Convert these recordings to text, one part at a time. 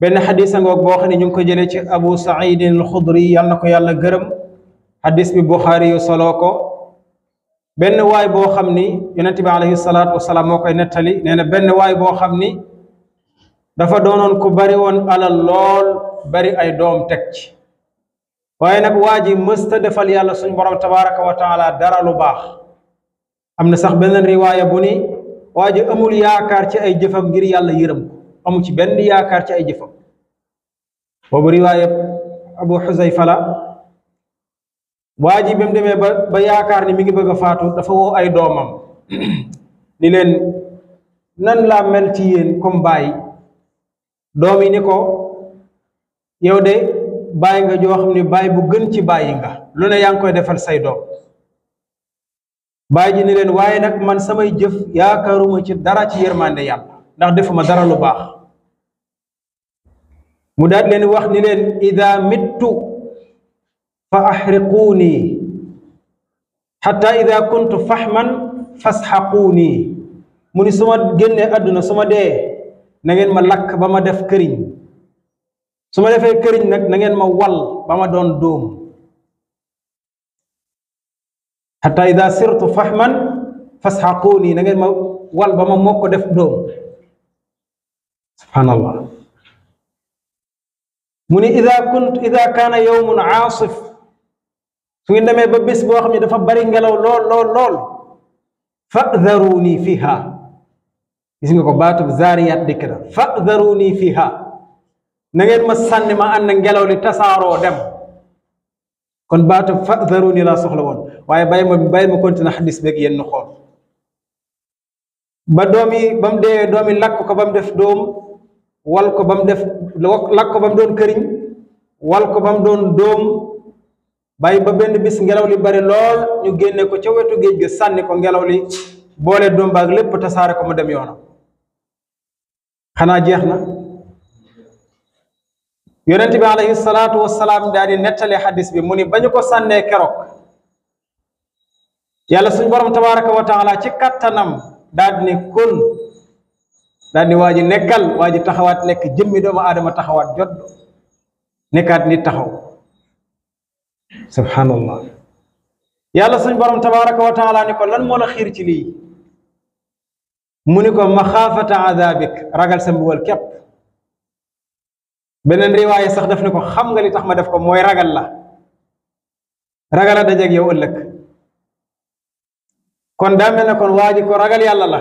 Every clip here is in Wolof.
benn xadis ngoog boo xam ne ñu ngi ko jëlee ci abu said al-xudri yal na ko yàlla gërëm xadis bi buxaari yu soloo ko benn waay boo xam ni yonente bi alayhi salaatu moo koy nettali nee na benn waay boo xam ni dafa doonoon ku bari woon alal lool bari ay doom teg waaye nag waa ji mësta defal yàlla suñu borom tabaraka wa taala dara lu baax am na sax beneen riwaaya bu ni waa ji amul yaakaar ci ay jëfam ngir yàlla yërëm amu ci benn yaakaar ci ay jëfam boobu riwaayab abu xusayfa la waa ji ba demee ba ba yaakaar ni mi ngi bëgg a faatu dafa woo ay doomam ni leen nan laa mel ci yéen comme bàyyi doom yi ni ko yow de bàyyi nga joo ni baay bu gën ci bàyyi nga lu ne yaa ngi koy defal say doom bàyyi ji ni leen waaye nag man samay jëf yaakaaruma ci dara ci yërmande yàlla ndax defuma dara lu baax mu daal leen wax ni leen ida mittu fa axriquuni xatta ida kuntu faxman fasxaquuni mu ni su ma génnee àdduna su ma dee na ngeen ma lakk ba ma def këriñ su ma defee këriñ nag na ma wal ba doon dóom xatta ida sirtu faxman fasxaquuni na ngeen ma wal ba ma def dóom subhaanallah mu ne ida kunt ida kaana yowmun aasif su ngi demee ba bés boo xam ne dafa bari ngelaw lool lool lool fa'dharuni fiha gis nga ko baatub zaariyaat dikk na fa'dharuni fiha na ngeen ma sànni ma ànd ngelaw li tasaaroo dem kon baatub fa'dharuni laa soxla woon waaye bàyyi ma bàyyi ma continué xadis beeg yéen xool ba doom yi ba mu doom yi lakk ko ba mu def doom wal ko ba mu def lakk ko ba mu doon këriñ wal ko ba mu doon doom bàyyi ba benn bis ngelaw li bari lool ñu génne ko ca wetu géej gi sànni ko ngelaw li boole doom baag lépp tasaare ko mu dem yoona xanaa jeex na yonent bi alayhi salaatu wasalaam daal di nettali xadis bi mu ni bañu ko sànnee keroog yàlla suñu borom tabaraka wa ci kattanam daal ne kun daal ni waa ji nekkal waa ji taxawaat nekk jëmmi doomu aadama taxawaat jot nekkaat nit taxaw subhanallah yàlla suñ borom tabaraka wa taala ne ko lan moo la xiir ci lii mu ni ko maxaafata adabik ragal sa mbugal képp beneen riwaaye sax daf ni ko xam nga li tax ma def ko mooy ragal la ragal a dajeeg yow ëllëg kon daa ne kon waa ko ragal yàlla la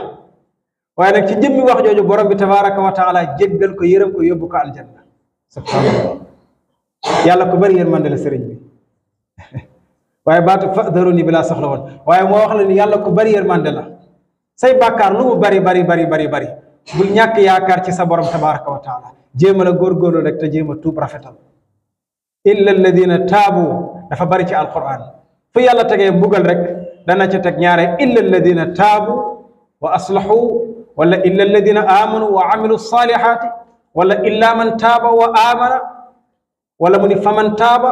waaye nag ci jëmmi wax jooju borom bi tabaraka wa taala jéggal ko yërëm ko yóbbu ko aljanna subhanallah yàlla ko bari yërmande la sëriñ bi waaye baatu fa'dharuni bi soxla woon waaye moo wax la ni yàlla ko bari yërmande la say bàkkaar lu bari bari bari bari bari bul ñàkk yaakaar ci sa borom tabaraka wa taala jéem a la góorgóorlu rek te jéem a tuub rafetal illa alladina taabu dafa bari ci alquran fu yàlla tegee mbugal rek dana ca teg ñaare illa alladina taabu wa aslahu wala illa alladina amanu wa amilu salihati wala illa man taaba wa amana wala mu ni fa man taaba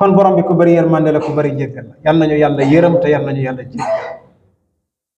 kon borom bi ku bëri yërmande la ku bëri njëggal la yal nañu yàlla yërëm te yal nañu yàlla jéggal